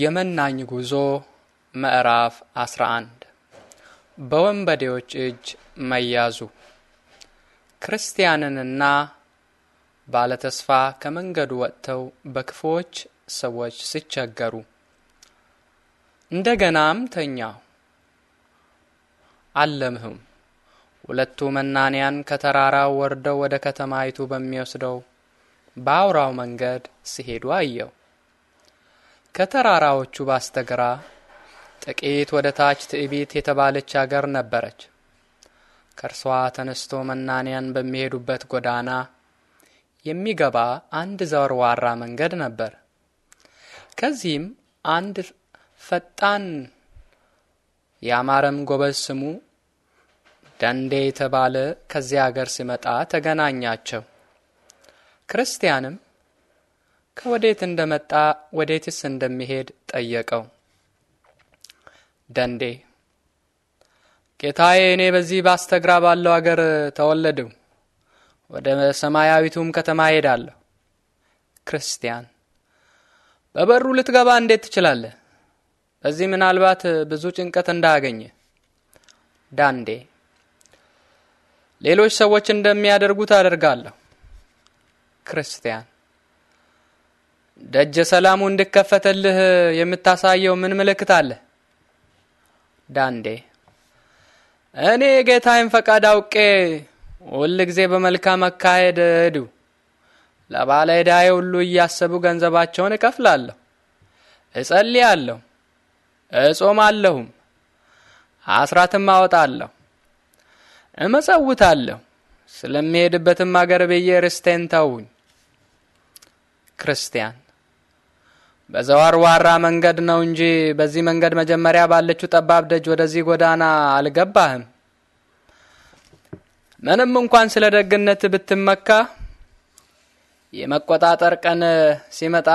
የመናኝ ጉዞ ምዕራፍ 11 በወንበዴዎች እጅ መያዙ ክርስቲያንንና ባለተስፋ ከመንገዱ ወጥተው በክፉዎች ሰዎች ሲቸገሩ እንደገናም ተኛው አለምህም። ሁለቱ መናንያን ከተራራው ወርደው ወደ ከተማይቱ በሚወስደው በአውራው መንገድ ሲሄዱ አየው። ከተራራዎቹ ባስተግራ ጥቂት ወደ ታች ትዕቢት የተባለች አገር ነበረች። ከእርሷ ተነስቶ መናንያን በሚሄዱበት ጎዳና የሚገባ አንድ ዘወርዋራ መንገድ ነበር። ከዚህም አንድ ፈጣን የአማረም ጎበዝ ስሙ ደንዴ የተባለ ከዚያ አገር ሲመጣ ተገናኛቸው። ክርስቲያንም ከወዴት እንደመጣ ወዴትስ እንደሚሄድ ጠየቀው። ደንዴ ጌታዬ፣ እኔ በዚህ በስተግራ ባለው አገር ተወለድሁ፣ ወደ ሰማያዊቱም ከተማ ሄዳለሁ። ክርስቲያን በበሩ ልትገባ እንዴት ትችላለህ? በዚህ ምናልባት ብዙ ጭንቀት እንዳያገኘ። ዳንዴ ሌሎች ሰዎች እንደሚያደርጉት አደርጋለሁ። ክርስቲያን ደጀ ሰላሙ እንድከፈተልህ የምታሳየው ምን ምልክት አለ? ዳንዴ እኔ የጌታዬን ፈቃድ አውቄ ሁል ጊዜ በመልካም አካሄድ እዱ ለባለ ሁሉ እያሰቡ ገንዘባቸውን እከፍላለሁ፣ እጸልያለሁ፣ እጾማለሁም፣ አስራትም አወጣለሁ፣ እመጸውታለሁ። ስለሚሄድበትም አገር ብዬ ርስቴን ተውኝ። ክርስቲያን በዘዋርዋራ መንገድ ነው እንጂ በዚህ መንገድ መጀመሪያ ባለችው ጠባብ ደጅ ወደዚህ ጎዳና አልገባህም። ምንም እንኳን ስለ ደግነት ብትመካ የመቆጣጠር ቀን ሲመጣ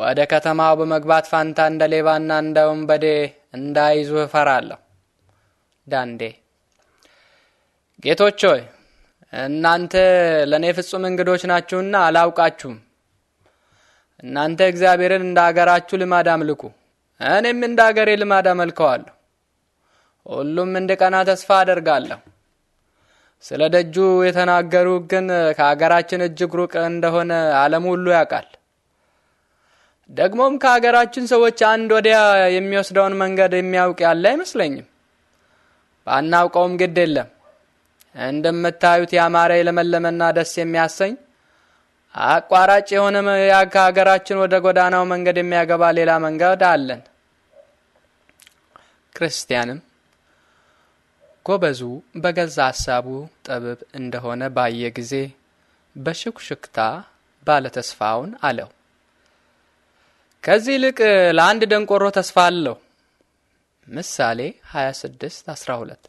ወደ ከተማው በመግባት ፋንታ እንደ ሌባና እንደ ወንበዴ እንዳይዙ እፈራለሁ። ዳንዴ ጌቶች ሆይ እናንተ ለእኔ ፍጹም እንግዶች ናችሁና አላውቃችሁም። እናንተ እግዚአብሔርን እንደ አገራችሁ ልማድ አምልኩ፣ እኔም እንደ አገሬ ልማድ አመልከዋለሁ። ሁሉም እንደ ቀና ተስፋ አደርጋለሁ። ስለ ደጁ የተናገሩ ግን ከአገራችን እጅግ ሩቅ እንደሆነ ዓለም ሁሉ ያውቃል። ደግሞም ከአገራችን ሰዎች አንድ ወዲያ የሚወስደውን መንገድ የሚያውቅ ያለ አይመስለኝም። ባናውቀውም ግድ የለም። እንደምታዩት ያማረ የለመለመና ደስ የሚያሰኝ አቋራጭ የሆነ ከሀገራችን ወደ ጎዳናው መንገድ የሚያገባ ሌላ መንገድ አለን። ክርስቲያንም ጎበዙ በገዛ ሀሳቡ ጥብብ እንደሆነ ባየ ጊዜ በሽኩሽክታ ባለተስፋውን አለው፣ ከዚህ ይልቅ ለአንድ ደንቆሮ ተስፋ አለው። ምሳሌ 26 12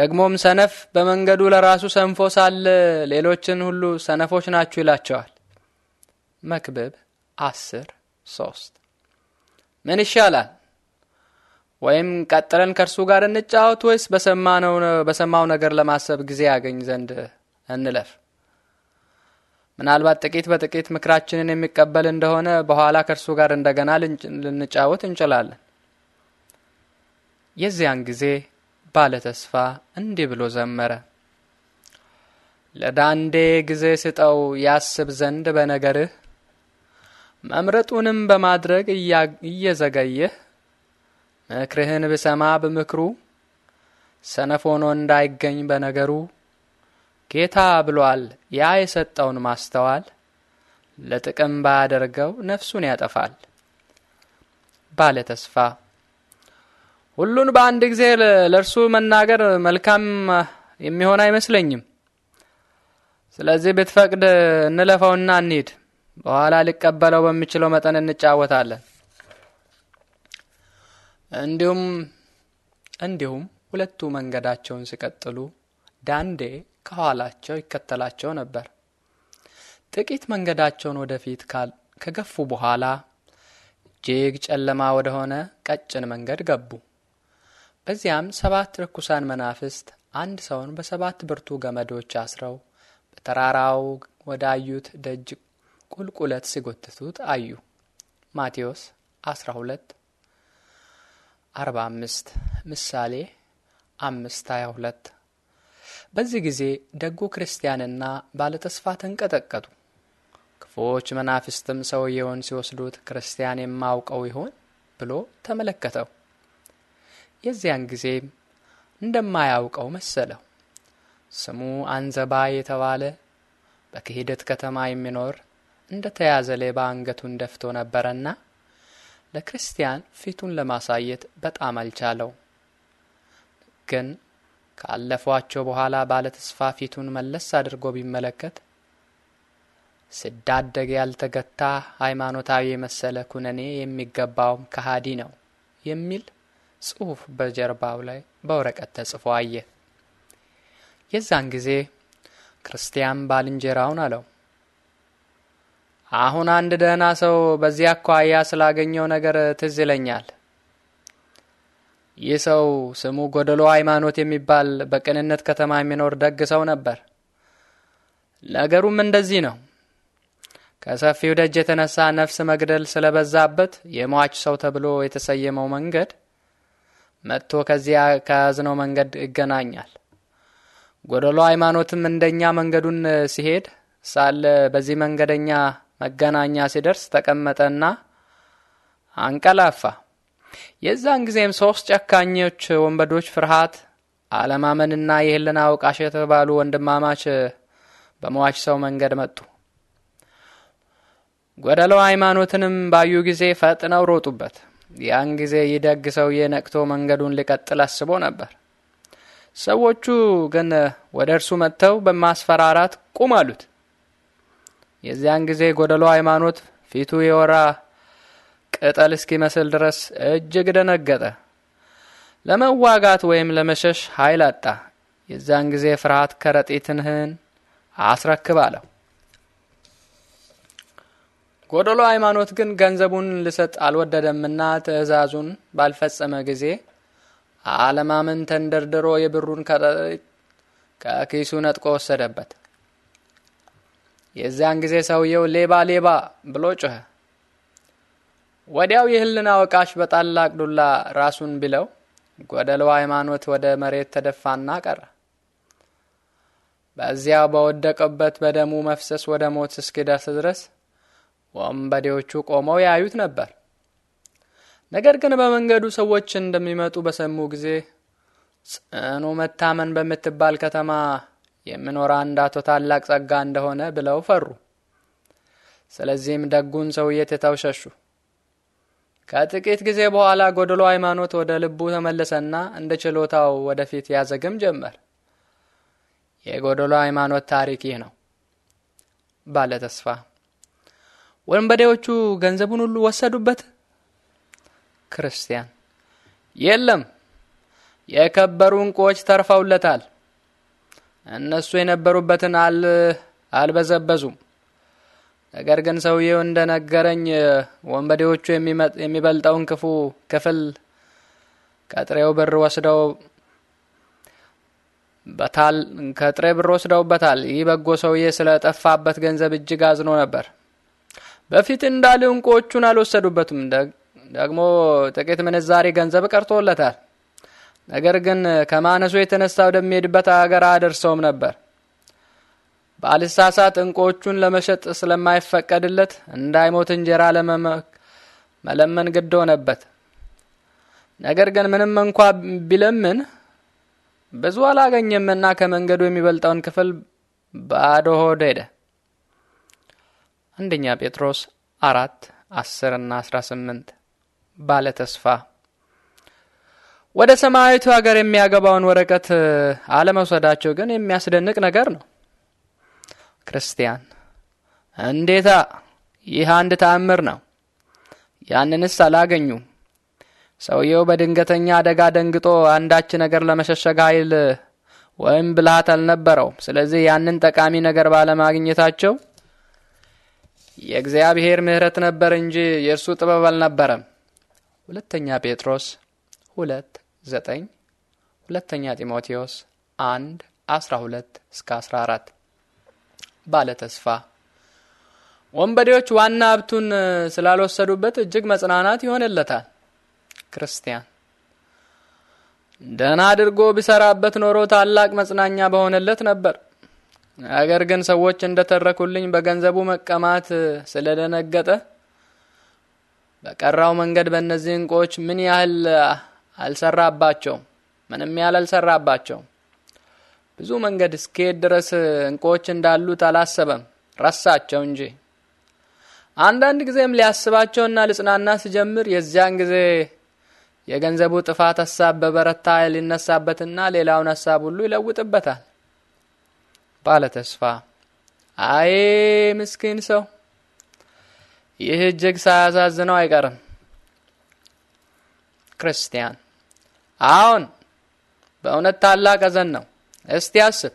ደግሞም ሰነፍ በመንገዱ ለራሱ ሰንፎ ሳለ ሌሎችን ሁሉ ሰነፎች ናችሁ ይላቸዋል። መክብብ አስር ሶስት ምን ይሻላል? ወይም ቀጥለን ከእርሱ ጋር እንጫወት ወይስ በሰማው ነገር ለማሰብ ጊዜ ያገኝ ዘንድ እንለፍ? ምናልባት ጥቂት በጥቂት ምክራችንን የሚቀበል እንደሆነ በኋላ ከእርሱ ጋር እንደገና ልንጫወት እንችላለን። የዚያን ጊዜ ባለ ተስፋ እንዲህ ብሎ ዘመረ። ለዳንዴ ጊዜ ስጠው ያስብ ዘንድ በነገርህ መምረጡንም በማድረግ እየዘገየህ ምክርህን ብሰማ በምክሩ ሰነፍ ሆኖ እንዳይገኝ በነገሩ ጌታ ብሏል። ያ የሰጠውን ማስተዋል ለጥቅም ባያደርገው ነፍሱን ያጠፋል። ባለ ተስፋ ሁሉን በአንድ ጊዜ ለእርሱ መናገር መልካም የሚሆን አይመስለኝም። ስለዚህ ብትፈቅድ እንለፈውና እንሂድ። በኋላ ሊቀበለው በሚችለው መጠን እንጫወታለን። እንዲሁም እንዲሁም ሁለቱ መንገዳቸውን ሲቀጥሉ ዳንዴ ከኋላቸው ይከተላቸው ነበር። ጥቂት መንገዳቸውን ወደፊት ከገፉ በኋላ እጅግ ጨለማ ወደሆነ ቀጭን መንገድ ገቡ። በዚያም ሰባት ርኩሳን መናፍስት አንድ ሰውን በሰባት ብርቱ ገመዶች አስረው በተራራው ወዳዩት ደጅ ቁልቁለት ሲጎትቱት አዩ። ማቴዎስ 12 45 ምሳሌ 5 22 በዚህ ጊዜ ደጉ ክርስቲያንና ባለተስፋ ተንቀጠቀጡ። ክፉዎች መናፍስትም ሰውየውን ሲወስዱት ክርስቲያን የማውቀው ይሆን ብሎ ተመለከተው። የዚያን ጊዜም እንደማያውቀው መሰለው። ስሙ አንዘባ የተባለ በክህደት ከተማ የሚኖር እንደ ተያዘ ሌባ አንገቱን ደፍቶ ነበረና ለክርስቲያን ፊቱን ለማሳየት በጣም አልቻለው። ግን ካለፏቸው በኋላ ባለተስፋ ፊቱን መለስ አድርጎ ቢመለከት ስዳደግ ያልተገታ ሃይማኖታዊ የመሰለ ኩነኔ የሚገባውም ከሃዲ ነው የሚል ጽሑፍ በጀርባው ላይ በወረቀት ተጽፎ አየ። የዛን ጊዜ ክርስቲያን ባልንጀራውን አለው፣ አሁን አንድ ደህና ሰው በዚህ አኳያ ስላገኘው ነገር ትዝ ይለኛል። ይህ ሰው ስሙ ጎደሎ ሃይማኖት የሚባል በቅንነት ከተማ የሚኖር ደግ ሰው ነበር። ነገሩም እንደዚህ ነው። ከሰፊው ደጅ የተነሳ ነፍስ መግደል ስለበዛበት የሟች ሰው ተብሎ የተሰየመው መንገድ መጥቶ ከዚያ ከያዝነው መንገድ ይገናኛል። ጎደሎ ሃይማኖትም እንደኛ መንገዱን ሲሄድ ሳለ በዚህ መንገደኛ መገናኛ ሲደርስ ተቀመጠና አንቀላፋ። የዛን ጊዜም ሶስት ጨካኞች ወንበዶች ፍርሃት፣ አለማመንና የህልና አውቃሽ የተባሉ ወንድማማች በመዋች ሰው መንገድ መጡ። ጎደሎ ሃይማኖትንም ባዩ ጊዜ ፈጥነው ሮጡበት። ያን ጊዜ ይደግ ሰውዬ ነቅቶ መንገዱን ሊቀጥል አስቦ ነበር። ሰዎቹ ግን ወደ እርሱ መጥተው በማስፈራራት ቁም አሉት። የዚያን ጊዜ ጎደሎ ሃይማኖት ፊቱ የወራ ቅጠል እስኪመስል ድረስ እጅግ ደነገጠ። ለመዋጋት ወይም ለመሸሽ ኃይል አጣ። የዚያን ጊዜ ፍርሃት ከረጢትንህን አስረክብ አለው። ጎደሎ ሃይማኖት ግን ገንዘቡን ልሰጥ አልወደደምና ትእዛዙን ባልፈጸመ ጊዜ አለማመን ተንደርድሮ የብሩን ከኪሱ ነጥቆ ወሰደበት። የዚያን ጊዜ ሰውየው ሌባ ሌባ ብሎ ጮኸ። ወዲያው የህሊና አወቃሽ በታላቅ ዱላ ራሱን ቢለው ጎደሎ ሃይማኖት ወደ መሬት ተደፋና ቀረ። በዚያው በወደቀበት በደሙ መፍሰስ ወደ ሞት እስኪደርስ ድረስ ወንበዴዎቹ ቆመው ያዩት ነበር። ነገር ግን በመንገዱ ሰዎች እንደሚመጡ በሰሙ ጊዜ ጽኑ መታመን በምትባል ከተማ የሚኖር አንድ አቶ ታላቅ ጸጋ እንደሆነ ብለው ፈሩ። ስለዚህም ደጉን ሰውዬ ትተው ሸሹ። ከጥቂት ጊዜ በኋላ ጎደሎ ሃይማኖት ወደ ልቡ ተመለሰና እንደ ችሎታው ወደፊት ያዘግም ጀመር። የጎደሎ ሃይማኖት ታሪክ ይህ ነው። ባለተስፋ ወንበዴዎቹ ገንዘቡን ሁሉ ወሰዱበት? ክርስቲያን የለም፣ የከበሩ እንቁዎች ተርፈውለታል። እነሱ የነበሩበትን አልበዘበዙም። ነገር ግን ሰውየው እንደነገረኝ ወንበዴዎቹ የሚበልጠውን ክፉ ክፍል ከጥሬው ብር ወስደው በታል ከጥሬ ብር ወስደውበታል። ይህ በጎ ሰውዬ ስለ ጠፋበት ገንዘብ እጅግ አዝኖ ነበር። በፊት እንዳለ እንቁዎቹን አልወሰዱበትም። ደግሞ ጥቂት ምንዛሬ ገንዘብ ቀርቶለታል። ነገር ግን ከማነሱ የተነሳ ወደሚሄድበት አገር አደርሰውም ነበር። በአልሳሳት እንቁዎቹን ለመሸጥ ስለማይፈቀድለት እንዳይሞት እንጀራ ለመለመን ግድ ሆነበት። ነገር ግን ምንም እንኳ ቢለምን ብዙ አላገኘምና ከመንገዱ የሚበልጠውን ክፍል ባዶ ሆድ ሄደ። አንደኛ ጴጥሮስ አራት አስርና እና አስራ ስምንት ባለ ተስፋ ወደ ሰማያዊቱ ሀገር የሚያገባውን ወረቀት አለመውሰዳቸው ግን የሚያስደንቅ ነገር ነው። ክርስቲያን እንዴታ! ይህ አንድ ተአምር ነው። ያንንስ አላገኙም። ሰውየው በድንገተኛ አደጋ ደንግጦ አንዳች ነገር ለመሸሸግ ኃይል ወይም ብልሃት አልነበረውም። ስለዚህ ያንን ጠቃሚ ነገር ባለማግኘታቸው የእግዚአብሔር ምሕረት ነበር እንጂ የእርሱ ጥበብ አልነበረም። ሁለተኛ ጴጥሮስ ሁለት ዘጠኝ ሁለተኛ ጢሞቴዎስ አንድ አስራ ሁለት እስከ አስራ አራት ባለ ተስፋ ወንበዴዎች ዋና ሀብቱን ስላልወሰዱበት እጅግ መጽናናት ይሆንለታል። ክርስቲያን ደህና አድርጎ ቢሰራበት ኖሮ ታላቅ መጽናኛ በሆነለት ነበር። ነገር ግን ሰዎች እንደተረኩልኝ በገንዘቡ መቀማት ስለደነገጠ በቀራው መንገድ በእነዚህ እንቁዎች ምን ያህል አልሰራባቸው ምንም ያህል አልሰራባቸው። ብዙ መንገድ እስኪሄድ ድረስ እንቁዎች እንዳሉት አላሰበም፣ ረሳቸው እንጂ። አንዳንድ ጊዜም ሊያስባቸውና ልጽናና ሲጀምር የዚያን ጊዜ የገንዘቡ ጥፋት ሀሳብ በበረታ ሊነሳበትና ሌላውን ሀሳብ ሁሉ ይለውጥበታል። ባለ ተስፋ አይ ምስኪን ሰው ይህ እጅግ ሳያሳዝነው አይቀርም። ክርስቲያን አሁን በእውነት ታላቅ ሐዘን ነው። እስቲ አስብ፣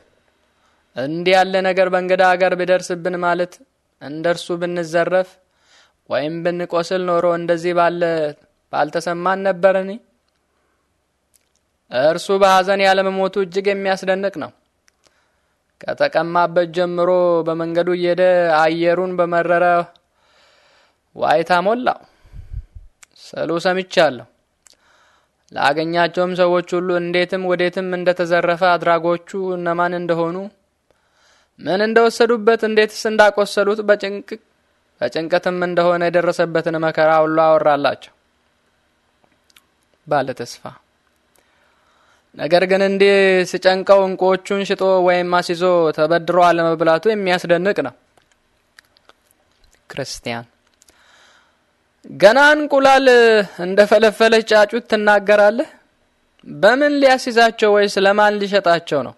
እንዲህ ያለ ነገር በእንግዳ አገር ቢደርስብን ማለት እንደርሱ ብንዘረፍ ወይም ብንቆስል ኖሮ እንደዚህ ባለ ባልተሰማን ነበርኒ። እርሱ በሐዘን ያለመሞቱ እጅግ የሚያስደንቅ ነው። ከተቀማበት ጀምሮ በመንገዱ እየሄደ አየሩን በመረረ ዋይታ ሞላው። ሰምቻ ሰምቻለሁ። ላገኛቸውም ሰዎች ሁሉ እንዴትም ወዴትም እንደተዘረፈ አድራጎቹ እነማን እንደሆኑ ምን እንደወሰዱበት እንዴትስ እንዳቆሰሉት በጭንቀትም እንደሆነ የደረሰበትን መከራ ሁሉ አወራላቸው። ባለ ተስፋ ነገር ግን እንዲህ ሲጨንቀው እንቁዎቹን ሽጦ ወይም አስይዞ ተበድሮ አለመብላቱ የሚያስደንቅ ነው። ክርስቲያን ገና እንቁላል እንደ ፈለፈለች ጫጩት ትናገራለህ። በምን ሊያስይዛቸው ወይስ ለማን ሊሸጣቸው ነው?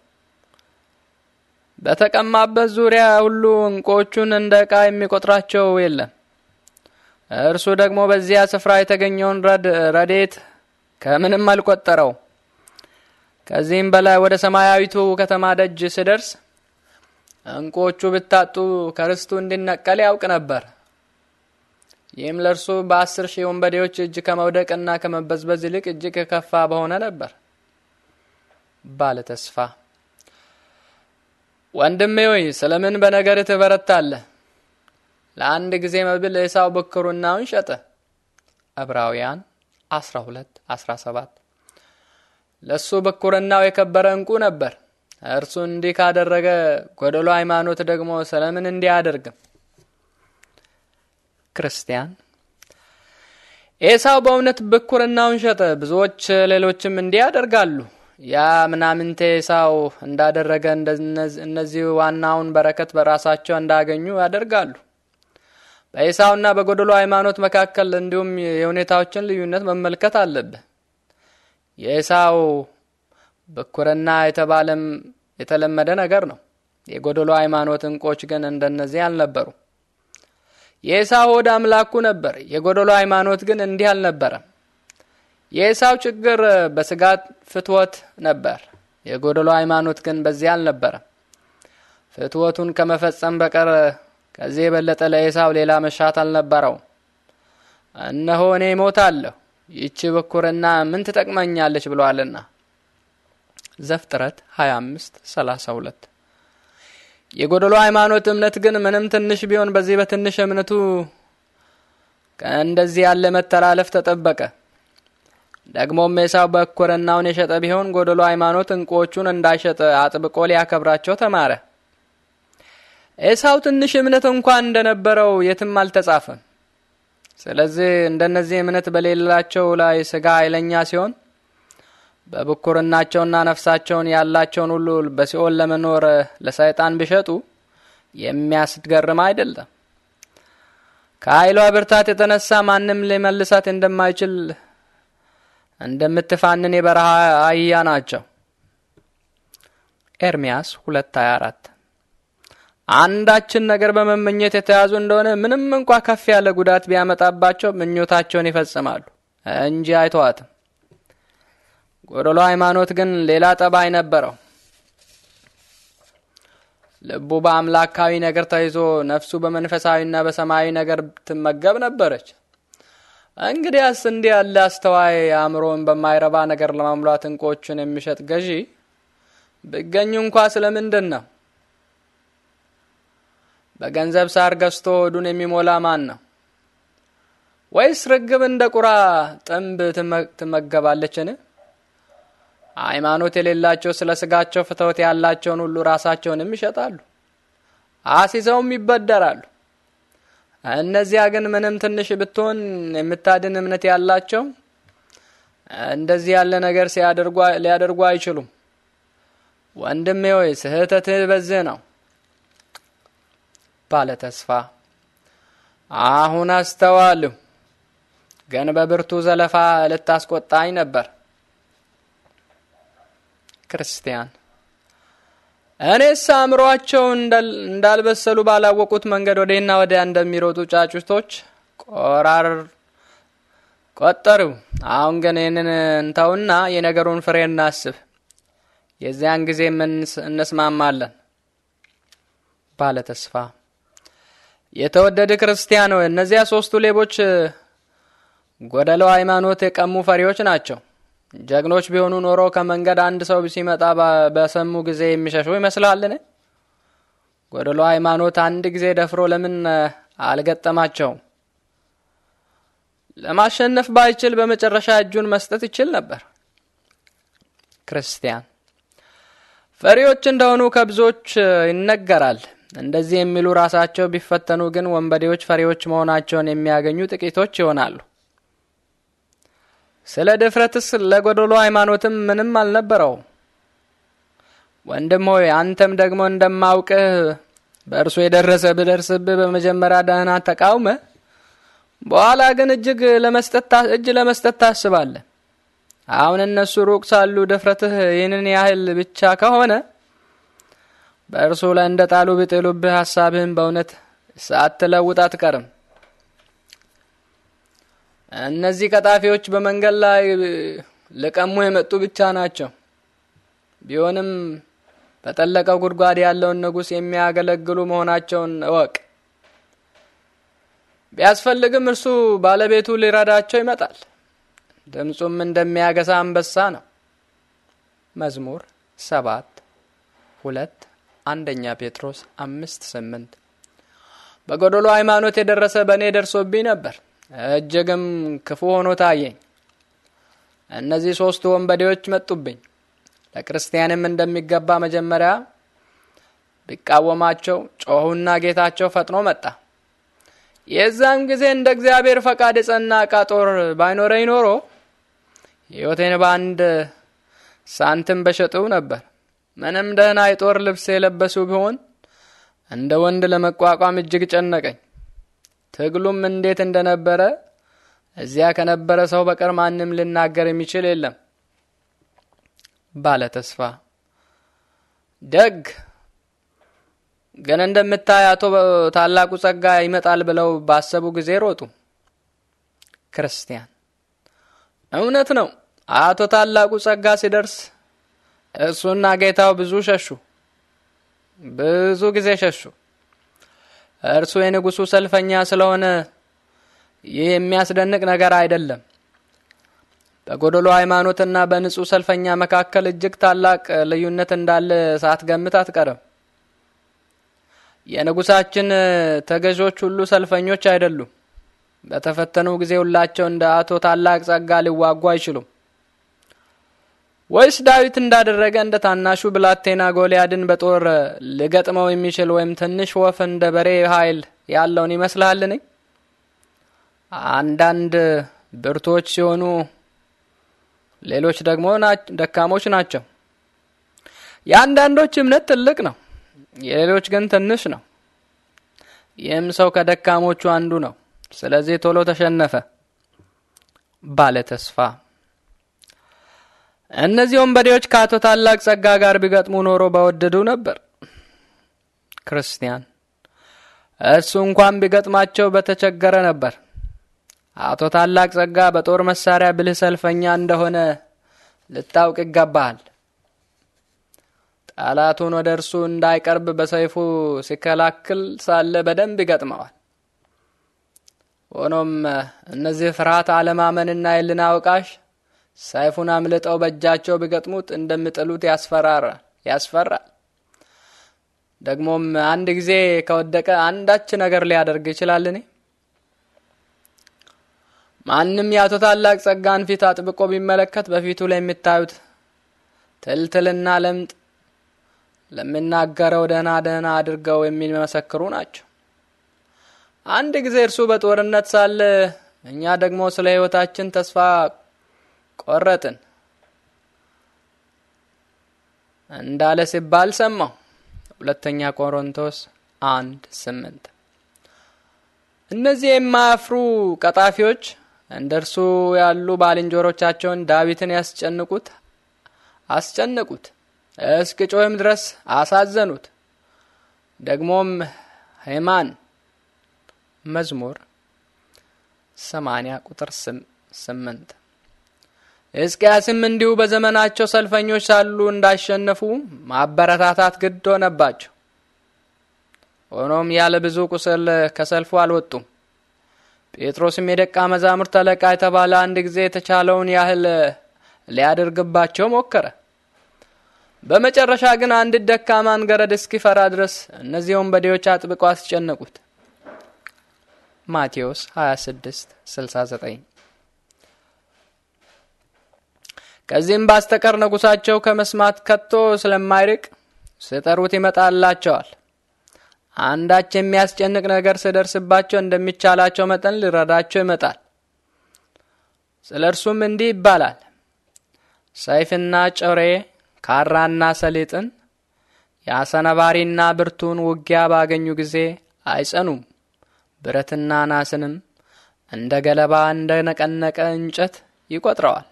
በተቀማበት ዙሪያ ሁሉ እንቁዎቹን እንደ ዕቃ የሚቆጥራቸው የለም። እርሱ ደግሞ በዚያ ስፍራ የተገኘውን ረድኤት ከምንም አልቆጠረው። ከዚህም በላይ ወደ ሰማያዊቱ ከተማ ደጅ ስደርስ እንቁዎቹ ብታጡ ከርስቱ እንዲነቀል ያውቅ ነበር። ይህም ለእርሱ በአስር ሺህ ወንበዴዎች እጅ ከመውደቅና ከመበዝበዝ ይልቅ እጅግ ከፋ በሆነ ነበር። ባለ ተስፋ ወንድሜ ሆይ ስለምን በነገር ትበረታለህ? ለአንድ ጊዜ መብል ኤሳው ብኩርናውን ሸጠ። ዕብራውያን 12 17 ለእሱ ብኩርናው የከበረ እንቁ ነበር። እርሱ እንዲህ ካደረገ ጎደሎ ሃይማኖት ደግሞ ስለምን እንዲህ አደርግም? ክርስቲያን ኤሳው በእውነት ብኩርናውን ሸጠ። ብዙዎች ሌሎችም እንዲህ ያደርጋሉ። ያ ምናምንቴ ኤሳው እንዳደረገ እነዚህ ዋናውን በረከት በራሳቸው እንዳገኙ ያደርጋሉ። በኤሳውና በጎደሎ ሃይማኖት መካከል እንዲሁም የሁኔታዎችን ልዩነት መመልከት አለብህ። የኤሳው ብኩርና የተባለም የተለመደ ነገር ነው። የጎደሎ ሃይማኖት እንቆች ግን እንደነዚህ አልነበሩ። የኤሳው ወደ አምላኩ ነበር። የጎደሎ ሃይማኖት ግን እንዲህ አልነበረም። የኤሳው ችግር በስጋት ፍትወት ነበር። የጎደሎ ሃይማኖት ግን በዚህ አልነበረም። ፍትወቱን ከመፈጸም በቀር ከዚህ የበለጠ ለኤሳው ሌላ መሻት አልነበረውም። እነሆ እኔ እሞታለሁ ይቺ በኩርና ምን ትጠቅመኛለች ብለዋልና። ዘፍጥረት 25 32 የጎደሎ ሃይማኖት እምነት ግን ምንም ትንሽ ቢሆን በዚህ በትንሽ እምነቱ ከእንደዚህ ያለ መተላለፍ ተጠበቀ። ደግሞም ኤሳው በኩርናውን የሸጠ ቢሆን ጎደሎ ሃይማኖት እንቁዎቹን እንዳይሸጥ አጥብቆ ሊያከብራቸው ተማረ። ኤሳው ትንሽ እምነት እንኳን እንደነበረው የትም አልተጻፈም። ስለዚህ እንደነዚህ እምነት በሌላቸው ላይ ስጋ ኃይለኛ ሲሆን በብኩርናቸውና ነፍሳቸውን ያላቸውን ሁሉ በሲኦል ለመኖር ለሰይጣን ቢሸጡ የሚያስገርም አይደለም። ከኃይሏ ብርታት የተነሳ ማንም ሊመልሳት እንደማይችል እንደምትፋንን የበረሃ አህያ ናቸው። ኤርምያስ ሁለት 24 አንዳችን ነገር በመመኘት የተያዙ እንደሆነ ምንም እንኳ ከፍ ያለ ጉዳት ቢያመጣባቸው ምኞታቸውን ይፈጽማሉ እንጂ አይተዋትም። ጎደሎ ሃይማኖት ግን ሌላ ጠባይ ነበረው። ልቡ በአምላካዊ ነገር ተይዞ ነፍሱ በመንፈሳዊና በሰማያዊ ነገር ትመገብ ነበረች። እንግዲያስ እንዲህ ያለ አስተዋይ አእምሮን በማይረባ ነገር ለማሙላት እንቆቹን የሚሸጥ ገዢ ብገኙ እንኳ ስለምንድን ነው? በገንዘብ ሳር ገዝቶ ሆዱን የሚሞላ ማን ነው? ወይስ ርግብ እንደ ቁራ ጥንብ ትመገባለችን? ሃይማኖት የሌላቸው ስለ ስጋቸው ፍትወት ያላቸውን ሁሉ ራሳቸውንም ይሸጣሉ፣ አስይዘውም ይበደራሉ። እነዚያ ግን ምንም ትንሽ ብትሆን የምታድን እምነት ያላቸው እንደዚህ ያለ ነገር ሊያደርጉ አይችሉም። ወንድሜ ሆይ ስህተትህ በዚህ ነው። ባለ ተስፋ አሁን አስተዋልሁ፣ ግን በብርቱ ዘለፋ ልታስቆጣኝ ነበር። ክርስቲያን እኔስ አእምሯቸው እንዳልበሰሉ ባላወቁት መንገድ ወዴና ወዲያ እንደሚሮጡ ጫጩቶች ቆራር ቆጠሩ። አሁን ግን ይህንን እንተውና የነገሩን ፍሬ እናስብ፣ የዚያን ጊዜ እንስማማለን። ባለ ተስፋ የተወደደ ክርስቲያን ሆይ እነዚያ ሶስቱ ሌቦች ጎደለው ሃይማኖት የቀሙ ፈሪዎች ናቸው። ጀግኖች ቢሆኑ ኖሮ ከመንገድ አንድ ሰው ሲመጣ በሰሙ ጊዜ የሚሸሹ ይመስልሃልን? ጎደሎ ሃይማኖት አንድ ጊዜ ደፍሮ ለምን አልገጠማቸውም? ለማሸነፍ ባይችል በመጨረሻ እጁን መስጠት ይችል ነበር። ክርስቲያን ፈሪዎች እንደሆኑ ከብዙዎች ይነገራል። እንደዚህ የሚሉ ራሳቸው ቢፈተኑ ግን ወንበዴዎች ፈሪዎች መሆናቸውን የሚያገኙ ጥቂቶች ይሆናሉ። ስለ ድፍረትስ ለጎደሎ ሃይማኖትም ምንም አልነበረው። ወንድም ሆይ አንተም ደግሞ እንደማውቅህ በእርሱ የደረሰ ብደርስብህ በመጀመሪያ ደህና ተቃውመ፣ በኋላ ግን እጅግ እጅ ለመስጠት ታስባለህ። አሁን እነሱ ሩቅ ሳሉ ድፍረትህ ይህንን ያህል ብቻ ከሆነ በእርሱ ላይ እንደ ጣሉ ቢጥሉብህ ሀሳብህን በእውነት ሳትለውጥ አትቀርም። እነዚህ ቀጣፊዎች በመንገድ ላይ ልቀሙ የመጡ ብቻ ናቸው። ቢሆንም በጠለቀው ጉድጓድ ያለውን ንጉሥ የሚያገለግሉ መሆናቸውን እወቅ። ቢያስፈልግም እርሱ ባለቤቱ ሊረዳቸው ይመጣል። ድምፁም እንደሚያገሳ አንበሳ ነው። መዝሙር ሰባት ሁለት አንደኛ ጴጥሮስ አምስት ስምንት በጎደሎ ሃይማኖት የደረሰ በእኔ ደርሶብኝ ነበር፣ እጅግም ክፉ ሆኖ ታየኝ። እነዚህ ሦስቱ ወንበዴዎች መጡብኝ። ለክርስቲያንም እንደሚገባ መጀመሪያ ቢቃወማቸው ጮኹና ጌታቸው ፈጥኖ መጣ። የዛም ጊዜ እንደ እግዚአብሔር ፈቃድ የጸና ዕቃ ጦር ባይኖረኝ ኖሮ ሕይወቴን በአንድ ሳንቲም በሸጡ ነበር። ምንም ደህና የጦር ልብስ የለበሱ ቢሆን እንደ ወንድ ለመቋቋም እጅግ ጨነቀኝ። ትግሉም እንዴት እንደነበረ እዚያ ከነበረ ሰው በቀር ማንም ልናገር የሚችል የለም። ባለ ተስፋ ደግ ግን እንደምታይ አቶ ታላቁ ጸጋ ይመጣል ብለው ባሰቡ ጊዜ ሮጡ። ክርስቲያን እውነት ነው። አቶ ታላቁ ጸጋ ሲደርስ እሱና ጌታው ብዙ ሸሹ፣ ብዙ ጊዜ ሸሹ። እርሱ የንጉሱ ሰልፈኛ ስለሆነ ይህ የሚያስደንቅ ነገር አይደለም። በጎደሎ ሃይማኖትና በንጹህ ሰልፈኛ መካከል እጅግ ታላቅ ልዩነት እንዳለ ሳትገምት አትቀርም። የንጉሳችን ተገዦች ሁሉ ሰልፈኞች አይደሉም። በተፈተኑ ጊዜ ሁላቸው እንደ አቶ ታላቅ ጸጋ ሊዋጉ አይችሉም። ወይስ ዳዊት እንዳደረገ እንደ ታናሹ ብላቴና ጎልያድን በጦር ሊገጥመው የሚችል ወይም ትንሽ ወፍ እንደ በሬ ኃይል ያለውን ይመስልሃልን? አንዳንድ ብርቶች ሲሆኑ ሌሎች ደግሞ ደካሞች ናቸው። የአንዳንዶች እምነት ትልቅ ነው፣ የሌሎች ግን ትንሽ ነው። ይህም ሰው ከደካሞቹ አንዱ ነው። ስለዚህ ቶሎ ተሸነፈ ባለ ተስፋ እነዚህ ወንበዴዎች ከአቶ ታላቅ ጸጋ ጋር ቢገጥሙ ኖሮ በወደዱ ነበር። ክርስቲያን እሱ እንኳን ቢገጥማቸው በተቸገረ ነበር። አቶ ታላቅ ጸጋ በጦር መሳሪያ ብልህ ሰልፈኛ እንደሆነ ልታውቅ ይገባሃል። ጠላቱን ወደ እርሱ እንዳይቀርብ በሰይፉ ሲከላክል ሳለ በደንብ ይገጥመዋል። ሆኖም እነዚህ ፍርሃት፣ አለማመንና የልና አውቃሽ ሰይፉን አምልጠው በእጃቸው ቢገጥሙት እንደሚጥሉት ያስፈራራ ያስፈራል። ደግሞም አንድ ጊዜ ከወደቀ አንዳች ነገር ሊያደርግ ይችላልን? ማንም የአቶ ታላቅ ጸጋን ፊት አጥብቆ ቢመለከት በፊቱ ላይ የሚታዩት ትልትልና ለምጥ ለሚናገረው ደህና ደህና አድርገው የሚመሰክሩ ናቸው። አንድ ጊዜ እርሱ በጦርነት ሳለ እኛ ደግሞ ስለ ሕይወታችን ተስፋ ቆረጥን እንዳለ ሲባል ሰማሁ። ሁለተኛ ቆሮንቶስ አንድ ስምንት እነዚህ የማያፍሩ ቀጣፊዎች እንደ እርሱ ያሉ ባልንጀሮቻቸውን ዳዊትን ያስጨንቁት አስጨነቁት እስኪ ጮህም ድረስ አሳዘኑት። ደግሞም ሄማን መዝሙር ሰማንያ ቁጥር ስምንት ሕዝቅያስም እንዲሁ በዘመናቸው ሰልፈኞች ሳሉ እንዳሸነፉ ማበረታታት ግድ ሆነባቸው። ሆኖም ያለ ብዙ ቁስል ከሰልፉ አልወጡም። ጴጥሮስም የደቀ መዛሙርት አለቃ የተባለ አንድ ጊዜ የተቻለውን ያህል ሊያደርግባቸው ሞከረ። በመጨረሻ ግን አንድ ደካማን ገረድ እስኪፈራ ድረስ እነዚህ ወንበዴዎች አጥብቀው አስጨነቁት። ማቴዎስ 26 69 ከዚህም ባስተቀር ንጉሳቸው ከመስማት ከቶ ስለማይርቅ ስጠሩት ይመጣላቸዋል። አንዳች የሚያስጨንቅ ነገር ስደርስባቸው እንደሚቻላቸው መጠን ሊረዳቸው ይመጣል። ስለ እርሱም እንዲህ ይባላል። ሰይፍና ጮሬ፣ ካራና ሰሊጥን የአሰነባሪና ብርቱን ውጊያ ባገኙ ጊዜ አይጸኑም። ብረትና ናስንም እንደ ገለባ እንደ ነቀነቀ እንጨት ይቆጥረዋል።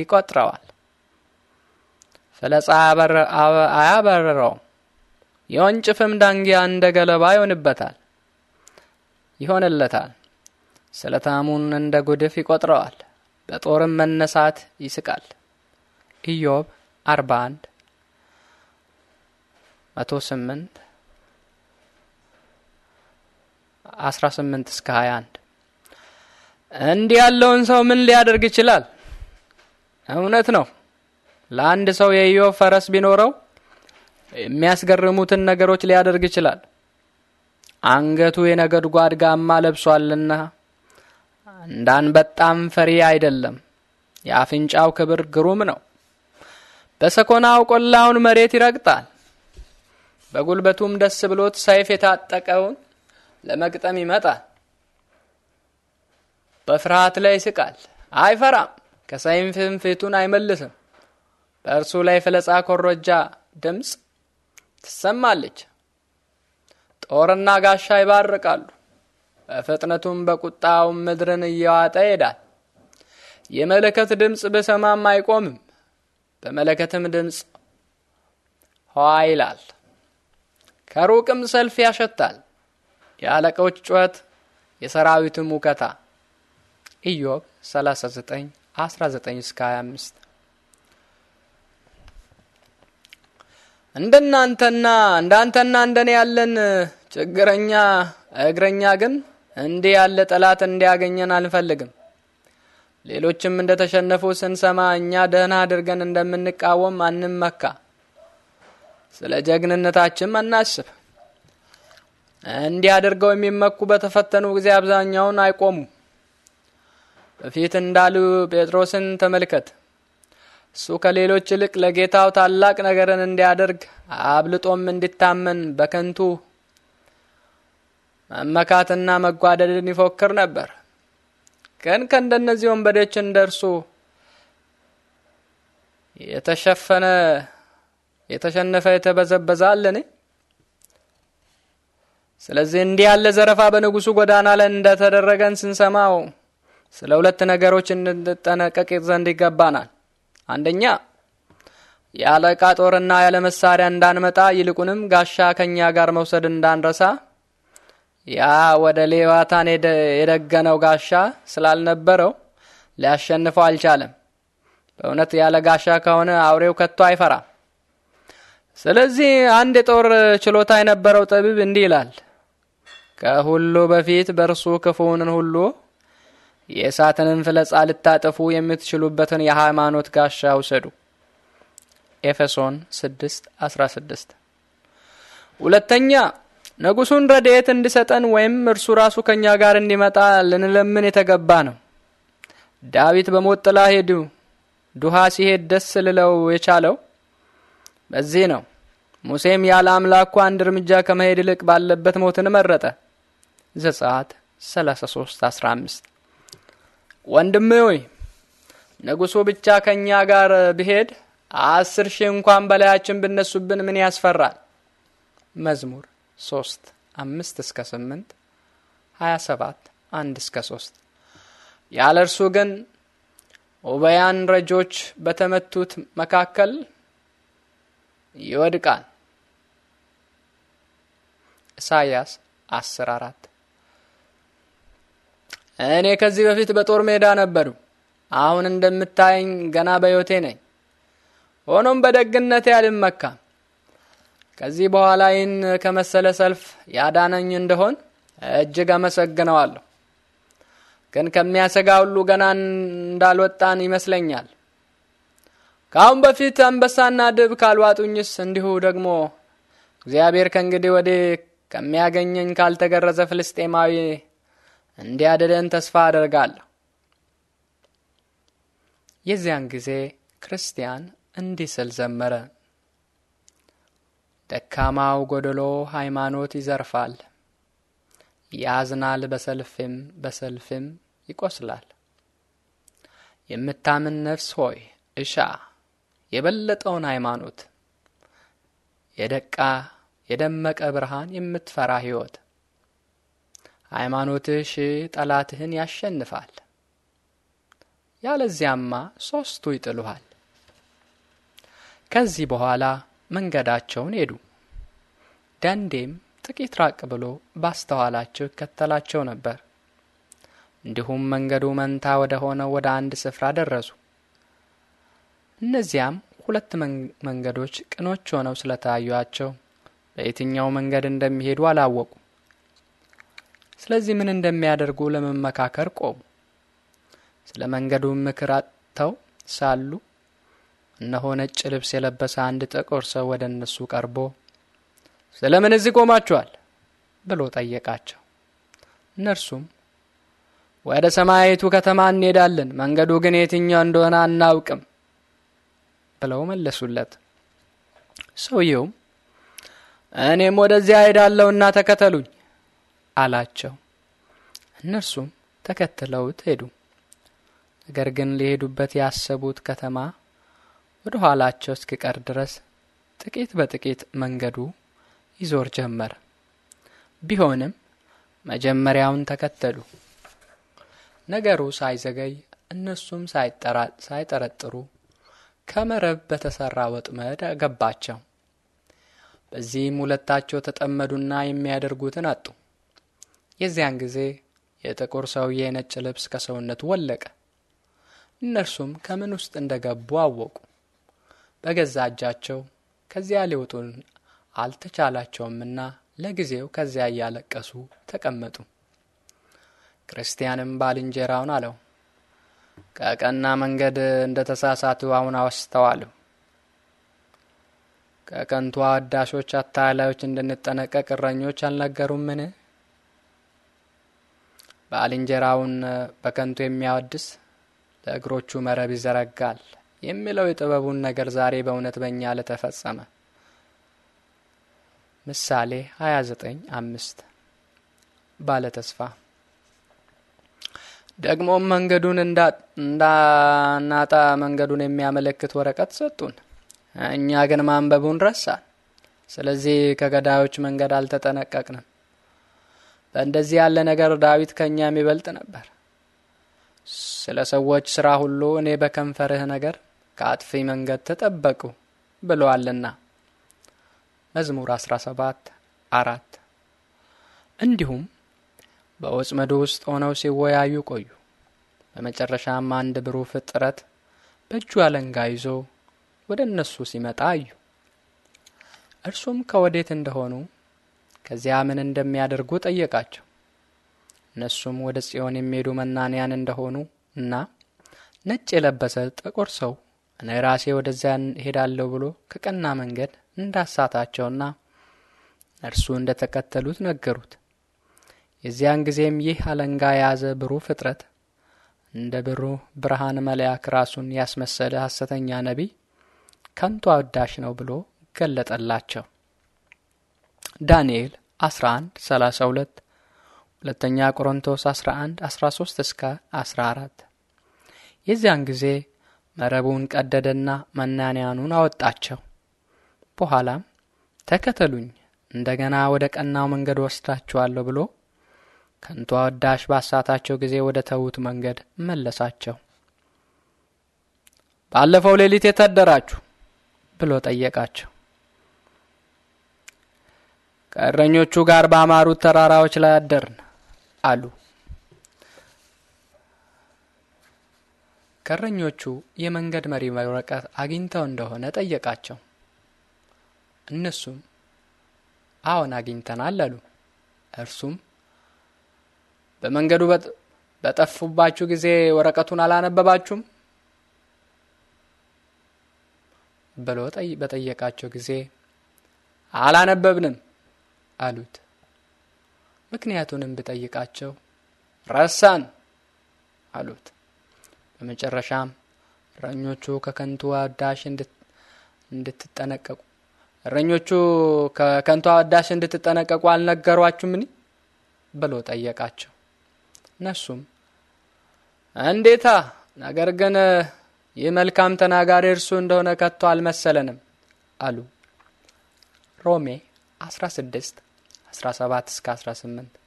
ይቆጥረዋል። ፍለጻ አያበረረውም። የወንጭፍም ዳንጊያ እንደ ገለባ ይሆንበታል ይሆንለታል። ስለታሙን እንደ ጉድፍ ይቆጥረዋል። በጦርም መነሳት ይስቃል። ኢዮብ 41 108 18 እስከ 21 እንዲህ ያለውን ሰው ምን ሊያደርግ ይችላል? እውነት ነው። ለአንድ ሰው የኢዮብ ፈረስ ቢኖረው የሚያስገርሙትን ነገሮች ሊያደርግ ይችላል። አንገቱ የነጎድጓድ ጋማ ለብሷልና በጣም ፈሪ አይደለም። የአፍንጫው ክብር ግሩም ነው። በሰኮናው ቆላውን መሬት ይረግጣል። በጉልበቱም ደስ ብሎት ሰይፍ የታጠቀውን ለመግጠም ይመጣል። በፍርሃት ላይ ይስቃል፣ አይፈራም። ከሰይፍም ፊቱን አይመልስም። በእርሱ ላይ ፍለጻ ኮረጃ ድምፅ ትሰማለች። ጦርና ጋሻ ይባርቃሉ። በፍጥነቱም በቁጣው ምድርን እየዋጠ ይሄዳል። የመለከት ድምፅ በሰማም አይቆምም። በመለከትም ድምፅ ዋ ይላል። ከሩቅም ሰልፍ ያሸታል። የአለቆች ጩኸት፣ የሰራዊትም ውከታ። ኢዮብ 39 19 እንደናንተና እንዳንተና እንደኔ ያለን ችግረኛ እግረኛ ግን እንዲህ ያለ ጠላት እንዲያገኘን አልፈልግም። ሌሎችም እንደተሸነፉ ስንሰማ እኛ ደህና አድርገን እንደምንቃወም አንመካ። ስለ ጀግንነታችን አናስብ። እንዲህ አድርገው የሚመኩ በተፈተኑ ጊዜ አብዛኛውን አይቆሙም። በፊት እንዳሉ ጴጥሮስን ተመልከት። እሱ ከሌሎች ይልቅ ለጌታው ታላቅ ነገርን እንዲያደርግ አብልጦም እንዲታመን በከንቱ መመካትና መጓደድን ይፎክር ነበር። ግን ከእንደነዚህ ወንበዴች እንደ እርሱ የተሸፈነ የተሸነፈ የተበዘበዘ ስለዚህ እንዲህ ያለ ዘረፋ በንጉሱ ጎዳና ላይ እንደተደረገን ስንሰማው ስለ ሁለት ነገሮች እንጠነቀቅ ዘንድ ይገባናል። አንደኛ የአለቃ ጦርና ያለ መሳሪያ እንዳንመጣ ይልቁንም ጋሻ ከኛ ጋር መውሰድ እንዳንረሳ። ያ ወደ ሌዋታን የደገነው ጋሻ ስላልነበረው ሊያሸንፈው አልቻለም። በእውነት ያለ ጋሻ ከሆነ አውሬው ከቶ አይፈራም። ስለዚህ አንድ የጦር ችሎታ የነበረው ጠቢብ እንዲህ ይላል፣ ከሁሉ በፊት በእርሱ ክፉውን ሁሉ የእሳትንም ፍለጻ ልታጠፉ የምትችሉበትን የሃይማኖት ጋሻ ውሰዱ። ኤፌሶን 6 16 ሁለተኛ ንጉሱን ረድኤት እንዲሰጠን ወይም እርሱ ራሱ ከእኛ ጋር እንዲመጣ ልንለምን የተገባ ነው። ዳዊት በሞት ጥላ ሄዱ ዱሃ ሲሄድ ደስ ልለው የቻለው በዚህ ነው። ሙሴም ያለ አምላኩ አንድ እርምጃ ከመሄድ ይልቅ ባለበት ሞትን መረጠ። ዘጸአት 33 15 ወንድሜ ሆይ ንጉሱ ብቻ ከእኛ ጋር ብሄድ አስር ሺህ እንኳን በላያችን ብነሱብን ምን ያስፈራል? መዝሙር ሶስት አምስት እስከ ስምንት ሀያ ሰባት አንድ እስከ ሶስት ያለ እርሱ ግን ኡበያን ረጆች በተመቱት መካከል ይወድቃል። ኢሳይያስ አስር አራት እኔ ከዚህ በፊት በጦር ሜዳ ነበርሁ። አሁን እንደምታየኝ ገና በሕይወቴ ነኝ። ሆኖም በደግነቴ አልመካም። ከዚህ በኋላ ይህን ከመሰለ ሰልፍ ያዳነኝ እንደሆን እጅግ አመሰግነዋለሁ። ግን ከሚያሰጋ ሁሉ ገና እንዳልወጣን ይመስለኛል። ከአሁን በፊት አንበሳና ድብ ካልዋጡኝስ እንዲሁ ደግሞ እግዚአብሔር ከእንግዲህ ወዲህ ከሚያገኘኝ ካልተገረዘ ፍልስጤማዊ እንዲያደለን ተስፋ አደርጋለሁ። የዚያን ጊዜ ክርስቲያን እንዲህ ስል ዘመረ። ደካማው ጎደሎ ሃይማኖት ይዘርፋል፣ ያዝናል፣ በሰልፍም በሰልፍም ይቆስላል። የምታምን ነፍስ ሆይ እሻ የበለጠውን ሃይማኖት የደቃ የደመቀ ብርሃን የምትፈራ ሕይወት ሃይማኖትህ ሺ ጠላትህን ያሸንፋል። ያለዚያማ ሶስቱ ይጥሉሃል። ከዚህ በኋላ መንገዳቸውን ሄዱ። ደንዴም ጥቂት ራቅ ብሎ ባስተኋላቸው ይከተላቸው ነበር። እንዲሁም መንገዱ መንታ ወደ ሆነው ወደ አንድ ስፍራ ደረሱ። እነዚያም ሁለት መንገዶች ቅኖች ሆነው ስለታዩቸው በየትኛው መንገድ እንደሚሄዱ አላወቁ። ስለዚህ ምን እንደሚያደርጉ ለመመካከር ቆሙ። ስለ መንገዱ ምክር አጥተው ሳሉ እነሆ ነጭ ልብስ የለበሰ አንድ ጥቁር ሰው ወደ እነሱ ቀርቦ ስለ ምን እዚህ ቆማችኋል ብሎ ጠየቃቸው። እነርሱም ወደ ሰማያዊቱ ከተማ እንሄዳለን፣ መንገዱ ግን የትኛው እንደሆነ አናውቅም ብለው መለሱለት። ሰውየውም እኔም ወደዚያ እሄዳለሁና ተከተሉኝ አላቸው። እነርሱም ተከትለውት ሄዱ። ነገር ግን ሊሄዱበት ያሰቡት ከተማ ወደ ኋላቸው እስኪቀር ድረስ ጥቂት በጥቂት መንገዱ ይዞር ጀመር። ቢሆንም መጀመሪያውን ተከተሉ። ነገሩ ሳይዘገይ እነሱም ሳይጠረጥሩ ከመረብ በተሰራ ወጥመድ ገባቸው። በዚህም ሁለታቸው ተጠመዱና የሚያደርጉትን አጡ። የዚያን ጊዜ የጥቁር ሰውዬ ነጭ ልብስ ከሰውነቱ ወለቀ። እነርሱም ከምን ውስጥ እንደ ገቡ አወቁ። በገዛ እጃቸው ከዚያ ሊወጡን አልተቻላቸውምና ለጊዜው ከዚያ እያለቀሱ ተቀመጡ። ክርስቲያንም ባልንጀራውን አለው፣ ከቀና መንገድ እንደ ተሳሳቱ አሁን አስተዋልሁ። ከቀንቷ አዳሾች፣ አታላዮች እንድንጠነቀቅ እረኞች አልነገሩምን? ባልንጀራውን በከንቱ የሚያወድስ ለእግሮቹ መረብ ይዘረጋል የሚለው የጥበቡን ነገር ዛሬ በእውነት በእኛ ለተፈጸመ ምሳሌ 29 አምስት ባለ ተስፋ ደግሞም መንገዱን እንዳናጣ መንገዱን የሚያመለክት ወረቀት ሰጡን። እኛ ግን ማንበቡን ረሳን። ስለዚህ ከገዳዮች መንገድ አልተጠነቀቅንም። በእንደዚህ ያለ ነገር ዳዊት ከእኛ የሚበልጥ ነበር። ስለ ሰዎች ሥራ ሁሉ እኔ በከንፈርህ ነገር ከአጥፊ መንገድ ተጠበቁ ብለዋልና መዝሙር 17 አራት እንዲሁም በወጥመዱ ውስጥ ሆነው ሲወያዩ ቆዩ። በመጨረሻም አንድ ብሩህ ፍጥረት በእጁ አለንጋ ይዞ ወደ እነሱ ሲመጣ አዩ። እርሱም ከወዴት እንደሆኑ ከዚያ ምን እንደሚያደርጉ ጠየቃቸው። እነሱም ወደ ጽዮን የሚሄዱ መናንያን እንደሆኑ እና ነጭ የለበሰ ጥቁር ሰው እኔ ራሴ ወደዚያ ሄዳለሁ ብሎ ከቀና መንገድ እንዳሳታቸውና እርሱ እንደ ተከተሉት ነገሩት። የዚያን ጊዜም ይህ አለንጋ የያዘ ብሩህ ፍጥረት እንደ ብሩህ ብርሃን መልአክ ራሱን ያስመሰለ ሐሰተኛ ነቢይ ከንቱ አዳሽ ነው ብሎ ገለጠላቸው። ዳንኤል 11 32 ሁለተኛ ቆሮንቶስ 11 13 እስከ 14 የዚያን ጊዜ መረቡን ቀደደና መናንያኑን አወጣቸው። በኋላም ተከተሉኝ እንደገና ወደ ቀናው መንገድ ወስዳችኋለሁ ብሎ ከንቱ አወዳሽ ባሳታቸው ጊዜ ወደ ተዉት መንገድ መለሳቸው። ባለፈው ሌሊት የታደራችሁ ብሎ ጠየቃቸው። ከእረኞቹ ጋር ባማሩት ተራራዎች ላይ አደርን አሉ። ከእረኞቹ የመንገድ መሪ ወረቀት አግኝተው እንደሆነ ጠየቃቸው። እነሱም አዎን አግኝተናል አሉ። እርሱም በመንገዱ በጠፉባችሁ ጊዜ ወረቀቱን አላነበባችሁም ብሎ በጠየቃቸው ጊዜ አላነበብንም አሉት። ምክንያቱንም ብጠይቃቸው ረሳን አሉት። በመጨረሻም እረኞቹ ከከንቱ አዳሽ እንድትጠነቀቁ እረኞቹ ከከንቱ አዳሽ እንድትጠነቀቁ አልነገሯችሁምን? ብሎ ጠየቃቸው። እነሱም እንዴታ፣ ነገር ግን ይህ መልካም ተናጋሪ እርሱ እንደሆነ ከቶ አልመሰለንም አሉ። ሮሜ 16 17 እስከ 18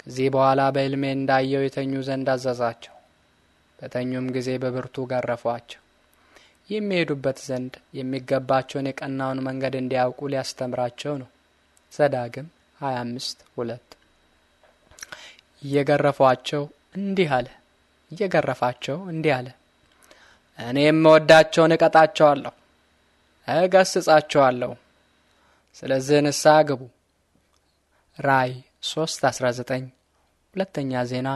ከዚህ በኋላ በሕልሜ እንዳየው የተኙ ዘንድ አዘዛቸው። በተኙም ጊዜ በብርቱ ገረፏቸው። የሚሄዱበት ዘንድ የሚገባቸውን የቀናውን መንገድ እንዲያውቁ ሊያስተምራቸው ነው። ዘዳግም 25 ሁለት እየገረፏቸው እንዲህ አለ እየገረፋቸው እንዲህ አለ እኔ የምወዳቸውን እቀጣቸዋለሁ፣ እገስጻቸዋለሁ። ስለዚህ ንስሐ ግቡ። ራይ 3 19 ሁለተኛ ዜና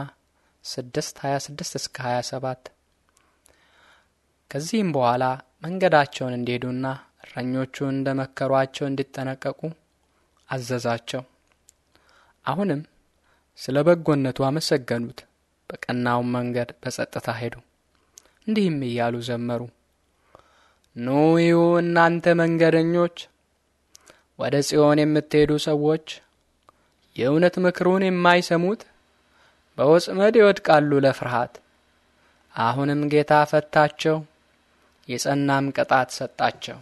6 26 እስከ 27 ከዚህም በኋላ መንገዳቸውን እንዲሄዱና እረኞቹ እንደ መከሯቸው እንዲጠነቀቁ አዘዛቸው። አሁንም ስለ በጎነቱ አመሰገኑት። በቀናውም መንገድ በጸጥታ ሄዱ። እንዲህም እያሉ ዘመሩ። ኑ ይሁ እናንተ መንገደኞች፣ ወደ ጽዮን የምትሄዱ ሰዎች የእውነት ምክሩን የማይሰሙት በወጽመድ ይወድቃሉ ለፍርሃት። አሁንም ጌታ ፈታቸው፣ የጸናም ቅጣት ሰጣቸው።